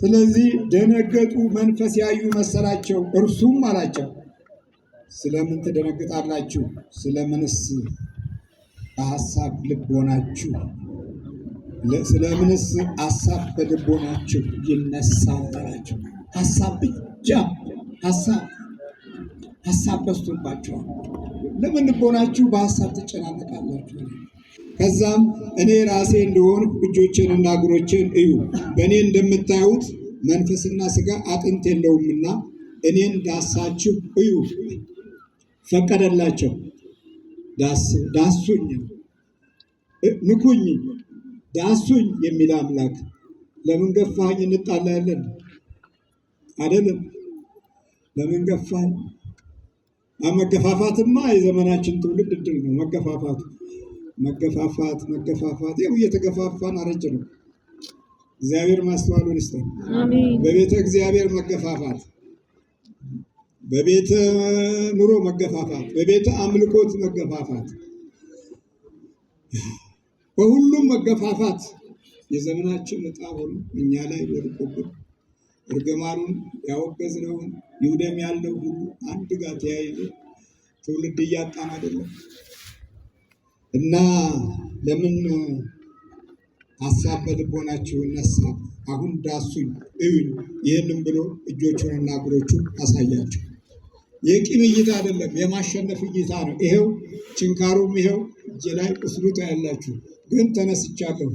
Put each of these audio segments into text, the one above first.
ስለዚህ ደነገጡ፣ መንፈስ ያዩ መሰላቸው። እርሱም አላቸው ስለምን ትደነግጣላችሁ? ስለምንስ በሀሳብ ልቦናችሁ ስለምንስ ሀሳብ በልቦናችሁ ይነሳል አላቸው። ሀሳብ ብቻ ሀሳብ ሀሳብ በስቶባቸዋል። ለምን ልቦናችሁ በሀሳብ ትጨናነቃላችሁ? ከዛም እኔ ራሴ እንደሆን እጆቼንና እግሮቼን እዩ፣ በእኔ እንደምታዩት መንፈስና ስጋ አጥንት የለውምና እኔን ዳሳችሁ እዩ። ፈቀደላቸው። ዳሱኝ፣ ንኩኝ፣ ዳሱኝ የሚል አምላክ ለምን ገፋኝ እንጣላለን አይደለም። ለምን ገፋኝ? መገፋፋትማ የዘመናችን ትውልድ እድል ነው መገፋፋት መገፋፋት መገፋፋት ያው እየተገፋፋን አረጀ ነው። እግዚአብሔር ማስተዋሉን ይስጠን። በቤተ እግዚአብሔር መገፋፋት፣ በቤተ ኑሮ መገፋፋት፣ በቤተ አምልኮት መገፋፋት፣ በሁሉም መገፋፋት የዘመናችን እጣ ሆኖ እኛ ላይ ወድቆብን እርግማኑን ያወገዝነውን ይውደም ያለው ሁሉ አንድ ጋር ተያይዞ ትውልድ እያጣን አይደለም። እና ለምን ሀሳብ በልቦናችሁ ይነሳ፣ አሁን ዳሱኝ እዩኝ። ይህንም ብሎ እጆቹንና እግሮቹን አሳያቸው። የቂም እይታ አይደለም፣ የማሸነፍ እይታ ነው። ይሄው ችንካሩም ይሄው እጅ ላይ ቁስሉ ታያላችሁ። ግን ተነስቻለሁ።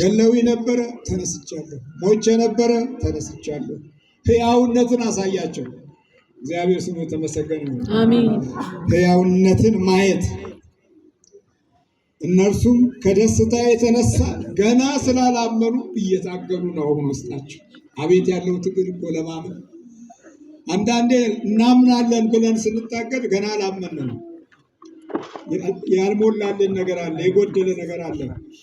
ገለዊ ነበረ፣ ተነስቻለሁ። ሞቼ ነበረ፣ ተነስቻለሁ። ህያውነትን አሳያቸው። እግዚአብሔር ስሙ የተመሰገነ ነው። ህያውነትን ማየት እነርሱም ከደስታ የተነሳ ገና ስላላመኑ እየታገሉ ነው። አሁን ውስጣቸው አቤት ያለው ትግል እኮ ለማመን አንዳንዴ እናምናለን ብለን ስንታገል ገና አላመን ነው። ያልሞላልን ነገር አለ፣ የጎደለ ነገር አለ።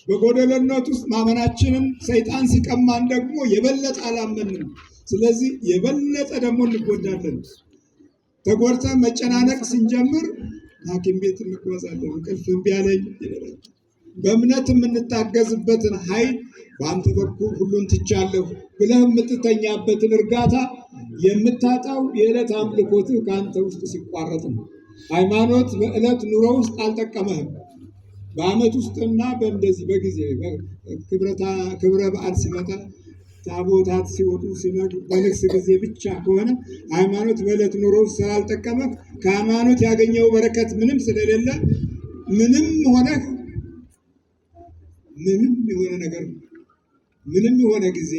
በጎደለነት ውስጥ ማመናችንን ሰይጣን ሲቀማን ደግሞ የበለጠ አላመንም። ስለዚህ የበለጠ ደግሞ እንጎዳለን። ተጎድተን መጨናነቅ ስንጀምር ሐኪም ቤት እንጓዛለን። እንቅልፍ እምቢ አለኝ። በእምነት የምንታገዝበትን ኃይል በአንተ በኩል ሁሉን ትቻለሁ ብለህ የምትተኛበትን እርጋታ የምታጣው የዕለት አምልኮትህ ከአንተ ውስጥ ሲቋረጥ ነው። ሃይማኖት በዕለት ኑሮ ውስጥ አልጠቀመህም። በዓመት ውስጥና በእንደዚህ በጊዜ ክብረ በዓል ሲመጣ ታቦታት ሲወጡ ሲመጡ በንግስ ጊዜ ብቻ ከሆነ ሃይማኖት በዕለት ኑሮ ስላልጠቀመ ከሃይማኖት ያገኘው በረከት ምንም ስለሌለ ምንም ሆነ ምንም የሆነ ነገር ምንም የሆነ ጊዜ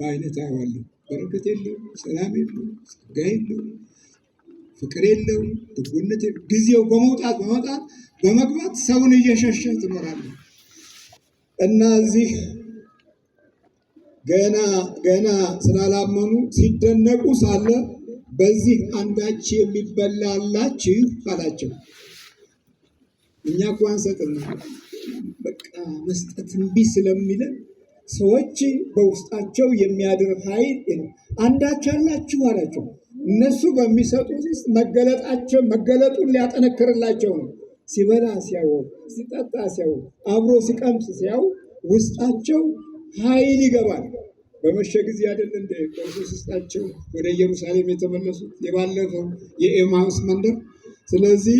በአይነት አይዋለ በረከት የለው፣ ሰላም የለው፣ ጸጋ የለው፣ ፍቅር የለው ትጉነት ጊዜው በመውጣት በመውጣት በመግባት ሰውን እየሸሸ ትኖራለ። እና እዚህ ገና ገና ስላላመኑ ሲደነቁ ሳለ በዚህ አንዳች የሚበላላች አላቸው። እኛ እኮ አንሰጥም፣ በቃ መስጠት እምቢ ስለሚለን ሰዎች በውስጣቸው የሚያድር ኃይል አንዳች አላችሁ አላቸው። እነሱ በሚሰጡት ውስጥ መገለጣቸው መገለጡን ሊያጠነክርላቸው ነው። ሲበላ ሲያው፣ ሲጠጣ ሲያው፣ አብሮ ሲቀምስ ሲያው ውስጣቸው ኃይል ይገባል። በመሸ ጊዜ አይደል እንደ ቆርሶስ ውስጣቸው ወደ ኢየሩሳሌም የተመለሱት የባለፈው የኤማውስ መንደር። ስለዚህ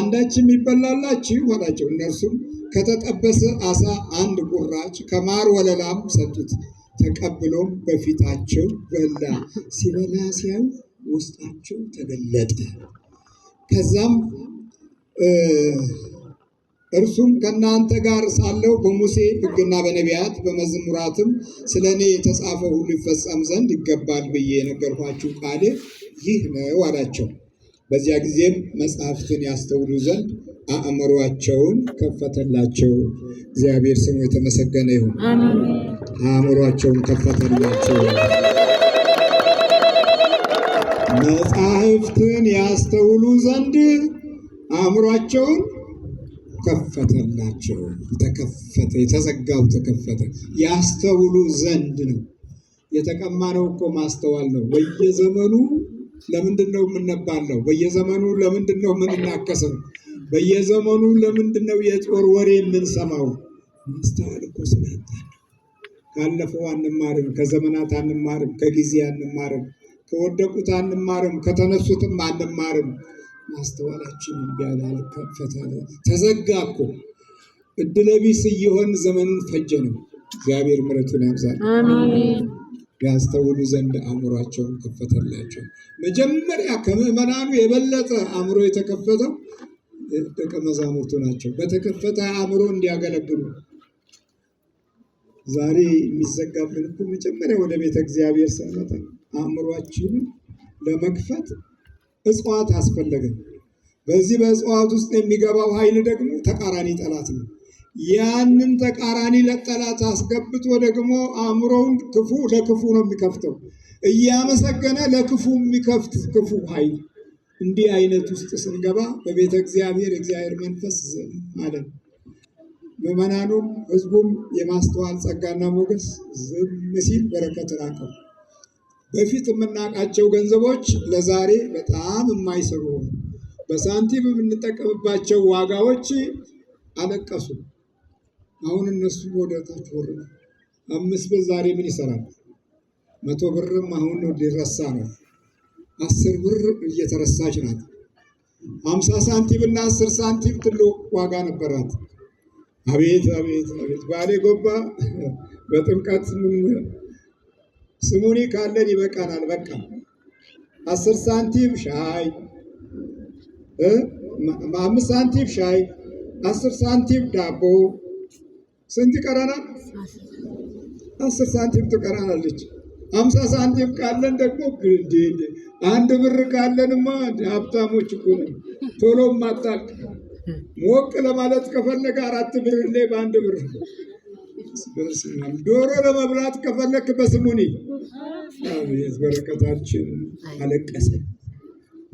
አንዳች ይበላላችሁ አላቸው። እነርሱም ከተጠበሰ አሳ አንድ ቁራጭ ከማር ወለላም ሰጡት። ተቀብሎም በፊታቸው በላ። ሲበላ ሲያዩ ውስጣቸው ተገለጠ። ከዛም እርሱም ከእናንተ ጋር ሳለው በሙሴ ሕግና በነቢያት በመዝሙራትም ስለ እኔ የተጻፈው ሁሉ ይፈጸም ዘንድ ይገባል ብዬ የነገርኳችሁ ቃል ይህ ነው አላቸው። በዚያ ጊዜም መጽሐፍትን ያስተውሉ ዘንድ አእምሯቸውን ከፈተላቸው። እግዚአብሔር ስሙ የተመሰገነ ይሁን። አእምሯቸውን ከፈተላቸው። መጽሐፍትን ያስተውሉ ዘንድ አእምሯቸውን ከፈተላቸው። ተከፈተ፣ የተዘጋው ተከፈተ። ያስተውሉ ዘንድ ነው። የተቀማነው እኮ ማስተዋል ነው። በየዘመኑ ለምንድን ነው የምንባለው? በየዘመኑ ለምንድን ነው የምንናከሰው? በየዘመኑ ለምንድን ነው የጦር ወሬ የምንሰማው? ማስተዋል እኮ ስላጣ ካለፈው አንማርም፣ ከዘመናት አንማርም፣ ከጊዜ አንማርም፣ ከወደቁት አንማርም፣ ከተነሱትም አንማርም። ማስተዋላችን ቢያላል ከፈታለ ተዘጋ እኮ እድለቢስ እየሆን ዘመኑን ፈጀ ነው። እግዚአብሔር ምሕረቱን ያብዛል። ያስተውሉ ዘንድ አእምሯቸውን ከፈተላቸው። መጀመሪያ ከምዕመናኑ የበለጠ አእምሮ የተከፈተው ደቀ መዛሙርቱ ናቸው። በተከፈተ አእምሮ እንዲያገለግሉ ዛሬ የሚዘጋብን መጀመሪያ ወደ ቤተ እግዚአብሔር ስንመጣ አእምሯችንን ለመክፈት እጽዋት አስፈለገ። በዚህ በእጽዋት ውስጥ የሚገባው ኃይል ደግሞ ተቃራኒ ጠላት ነው። ያንን ተቃራኒ ለጠላት አስገብቶ ደግሞ አእምሮውን ክፉ ለክፉ ነው የሚከፍተው፣ እያመሰገነ ለክፉ የሚከፍት ክፉ ኃይል። እንዲህ አይነት ውስጥ ስንገባ በቤተ እግዚአብሔር እግዚአብሔር መንፈስ አለን። ምዕመናኑም ህዝቡም የማስተዋል ጸጋና ሞገስ ዝም ሲል በረከት ራቀው። በፊት የምናውቃቸው ገንዘቦች ለዛሬ በጣም የማይሰሩ በሳንቲም የምንጠቀምባቸው ዋጋዎች አለቀሱ። አሁን እነሱ ወደ ታች ወረዱ። አምስት ብር ዛሬ ምን ይሰራል? መቶ ብርም አሁን ሊረሳ ነው። አስር ብር እየተረሳች ናት። አምሳ ሳንቲም እና አስር ሳንቲም ትልቅ ዋጋ ነበራት። አቤት አቤት አቤት ባሌ ጎባ በጥምቀት ስሙኒ ካለን ይበቃናል። በቃ አስር ሳንቲም ሻይ፣ አምስት ሳንቲም ሻይ፣ አስር ሳንቲም ዳቦ። ስንት ይቀረናል? አስር ሳንቲም ትቀረናለች። አምሳ ሳንቲም ካለን ደግሞ ግድል አንድ ብር ካለንማ ሀብታሞች እኮ ነው። ቶሎ ማጣል ሞቅ ለማለት ከፈለገ አራት ብር ላይ በአንድ ብር ዶሮ ለመብላት ከፈለክ በስሙኒ በረከታችን አለቀሰ፣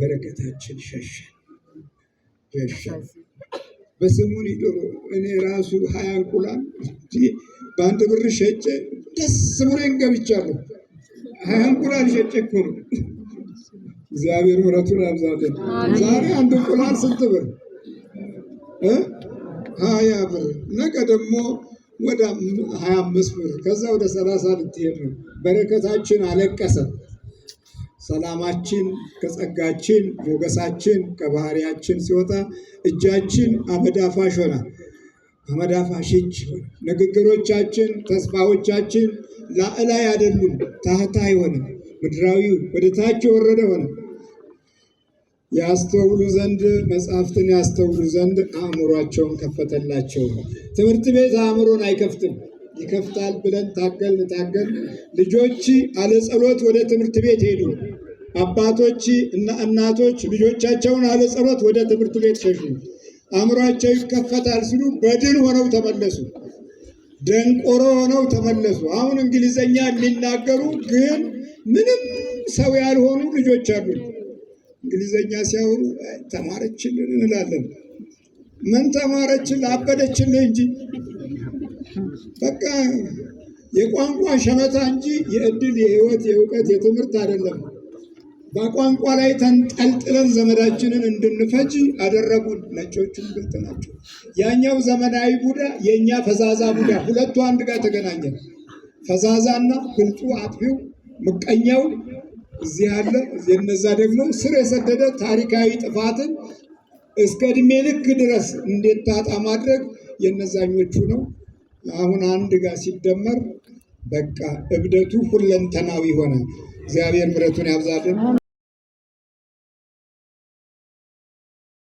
በረከታችን ሸሸ ሸሸ። በስሙኒ ዶሮ እኔ ራሱ ሀያ እንቁላል በአንድ ብር ሸጨ ደስ ብሎኝ ገብቻለሁ። ሀያ እንቁላል ሸጨ እኮ ነው። እግዚአብሔር ምሕረቱን ያብዛልን። ዛሬ አንድ እንቁላል ስንት ብር? ሀያ ብር ነገ ደግሞ ወደ 25 አምስት ብር ከዛ ወደ ሰላሳ ልትሄድ ነው። በረከታችን አለቀሰ። ሰላማችን ከጸጋችን ሞገሳችን ከባህሪያችን ሲወጣ እጃችን አመዳፋሽ ሆና አመዳፋሽ እጅ ንግግሮቻችን ተስፋዎቻችን ላዕላይ አይደሉም ታህታ የሆነ ምድራዊው ወደ ታች የወረደ ሆነ። ያስተውሉ ዘንድ መጽሐፍትን ያስተውሉ ዘንድ አእምሯቸውን ከፈተላቸው። ትምህርት ቤት አእምሮን አይከፍትም፣ ይከፍታል ብለን ታገል ታገል። ልጆች አለጸሎት ወደ ትምህርት ቤት ሄዱ። አባቶች እና እናቶች ልጆቻቸውን አለጸሎት ወደ ትምህርት ቤት ሸሹ። አእምሯቸው ይከፈታል ሲሉ በድን ሆነው ተመለሱ። ደንቆሮ ሆነው ተመለሱ። አሁን እንግሊዘኛ የሚናገሩ ግን ምንም ሰው ያልሆኑ ልጆች አሉ። እንግሊዘኛ ሲያወሩ ተማረችልን እንላለን። ምን ተማረችልን? አበደችልን እንጂ በቃ የቋንቋ ሸመታ እንጂ የእድል የህይወት የእውቀት የትምህርት አይደለም። በቋንቋ ላይ ተንጠልጥለን ዘመዳችንን እንድንፈጅ አደረጉን። ነጮቹም ግልጥ ናቸው። ያኛው ዘመናዊ ቡዳ፣ የእኛ ፈዛዛ ቡዳ፣ ሁለቱ አንድ ጋር ተገናኘ። ፈዛዛና ግልጡ አጥፊው ምቀኛው እዚህ የነዛ ደግሞ ስር የሰደደ ታሪካዊ ጥፋትን እስከ እድሜ ልክ ድረስ እንዴት ታጣ ማድረግ የነዛኞቹ ነው። አሁን አንድ ጋር ሲደመር በቃ እብደቱ ሁለንተናዊ ሆነ። እግዚአብሔር ምሕረቱን ያብዛልን።